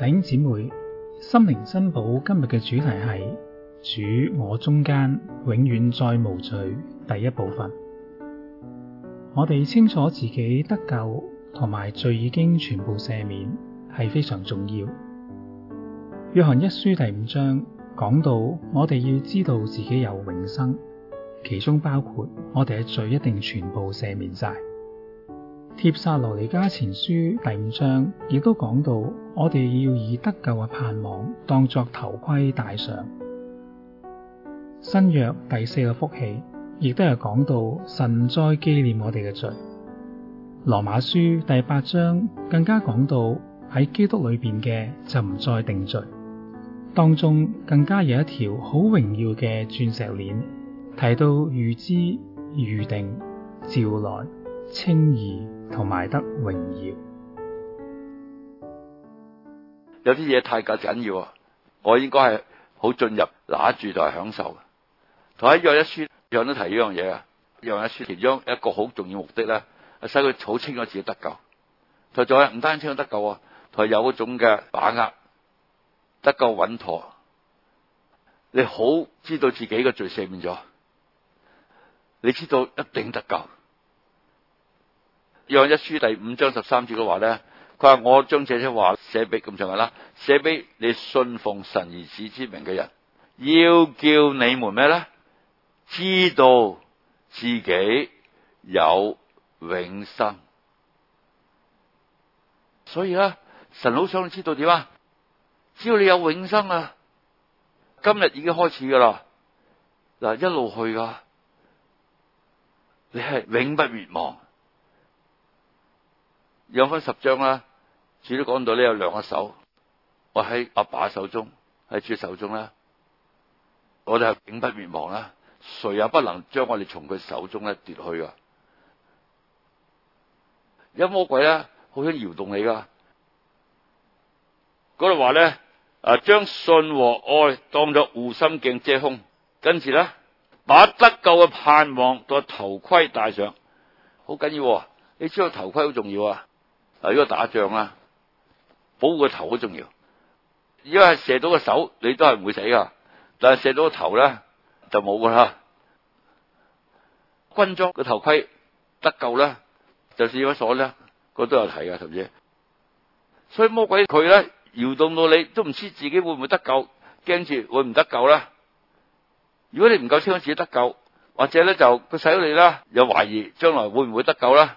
弟兄姐妹，心靈珍寶今日嘅主題係主、我中間，永遠再無罪，第一部分。我哋清楚自己得救同埋罪已經全部赦免，係非常重要。約翰一書第五章講到，我哋要知道自己有永生，其中包括我哋嘅罪一定全部赦免晒。帖撒羅尼迦前書第五章亦都講到，我哋要以得救嘅盼望當作頭盔戴上。新約第四個福氣亦都係講到神再紀念我哋嘅罪。羅馬書第八章更加講到喺基督裏邊嘅就唔再定罪，當中更加有一條好榮耀嘅鑽石鏈，提到預知、預定、召來、稱義。同埋得榮耀，有啲嘢太過緊要啊！我應該係好進入，攬住就係享受。同埋《約一書》樣都提呢樣嘢啊，《約一書》其中一個好重要的目的咧，使佢好清楚自己得救。同埋仲有唔單清楚得救啊，同埋有嗰種嘅把握，得救穩妥。你好知道自己個罪赦免咗，你知道一定得救。約壹書第五章十三節嘅話咧，佢話，我將這些話寫俾咁上下啦，寫俾你信奉神兒子之名嘅人，要叫你們咩咧？知道自己有永生，所以咧，神好想你知道點啊？只要你有永生啊，今日已經開始噶啦，嗱一路去噶你係永不滅亡。約翰十章啦，主都講到呢有兩個手，我喺阿爸爸手中，係主手中啦，我哋係永不滅亡啦，誰也不能將我哋從佢手中咧奪去一啊。有魔鬼咧，好想搖動你噶，嗰度話咧，啊將信和愛當作護心鏡遮胸，跟住咧，把得救嘅盼望當頭盔戴上，好緊要，啊，你知道我頭盔好重要啊。啊！如果打仗啦，保護個頭好重要。如果係射到個手，你都係唔會死噶。但係射到個頭咧，就冇噶啦。軍裝個頭盔得救啦，就是有乜鎖咧，個都有睇噶，甚至。所以魔鬼佢咧搖動到你，都唔知自己會唔會得救，驚住會唔得救啦。如果你唔夠槍子自己得救，或者咧就佢使到你啦，又懷疑將來會唔會得救啦。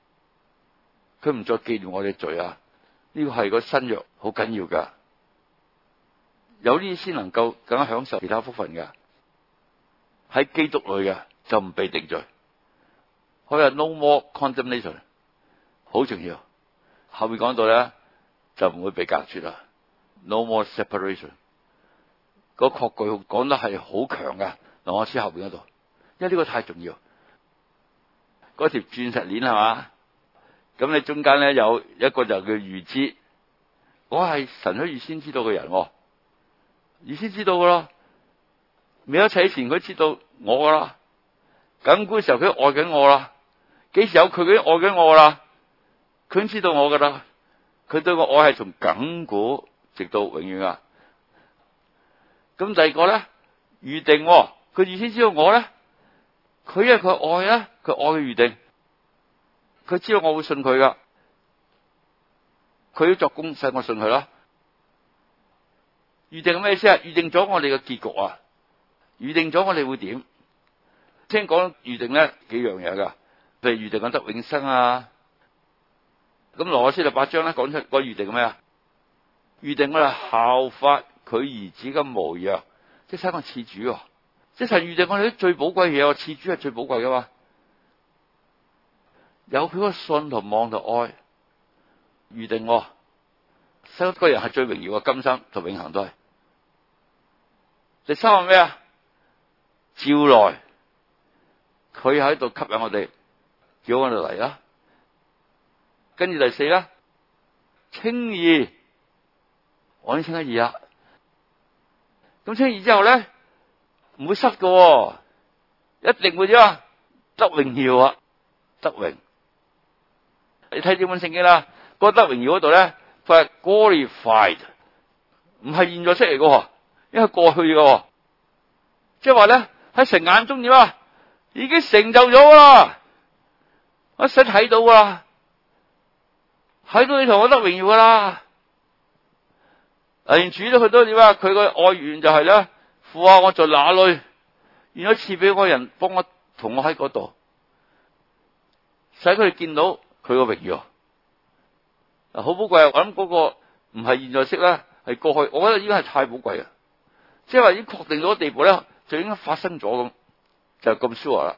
佢唔再記念我哋罪啊！呢個係個新約好緊要㗎，有啲先能夠更加享受其他福分㗎。喺基督裏嘅就唔被定罪。佢話 no more condemnation，好重要。後面講到咧就唔會被隔絕啦。no more separation。嗰、那個確據講得係好強㗎。嗱，我先後邊嗰度，因為呢個太重要。嗰條鑽石鏈係嘛？咁你中間咧，有一個就叫預知。我係神所預先知道嘅人，哦，預先知道噶啦，未一齊以前佢知道我噶啦，亙古時候佢愛緊我啦，幾時有佢嘅愛緊我啦？佢知道我噶啦，佢對我愛係從亙古直到永遠啊！咁第二個咧，預定，哦，佢預先知道我咧，佢因佢愛啊，佢愛嘅預定。佢知道我會信佢噶，佢都作工使我信佢啦。預定咩意思啊？預定咗我哋嘅結局啊，預定咗我哋會點？聽講預定呢幾樣嘢噶，譬如預定緊得永生啊。咁羅馬書第八章咧講出個預定咩啊？預定我哋效法佢兒子嘅模樣，即係生個似主，啊。即係預定我哋啲最寶貴嘢，啊，似主係最寶貴噶嘛。有佢個信同望同愛預定，生一個人係最榮耀嘅，今生就永恒都係。第三係咩啊？召來佢喺度吸引我哋，叫我哋嚟啦。跟住第四咧，稱義，我哋稱得義啊。咁稱義之後咧，唔會失嘅，一定會咗得榮耀啊，得榮。你睇點本聖經啦，覺得榮耀嗰度咧，佢係 glorified，唔係現在式嚟個，因為過去個，即係話咧喺神眼中點啊，已經成就咗啦，一洗睇到啊，睇到你同我得榮耀噶啦，神主都好多點啊，佢個愛願就係、是、咧，父啊，我在哪裏，願佢賜俾我人幫我同我喺嗰度，使佢哋見到。佢個榮譽啊，好寶貴啊！我諗個唔係現在式咧，係過去。我覺得已經係太寶貴啊，即係話已經確定咗個地步咧，就已經發生咗咁，就咁 sure 啦。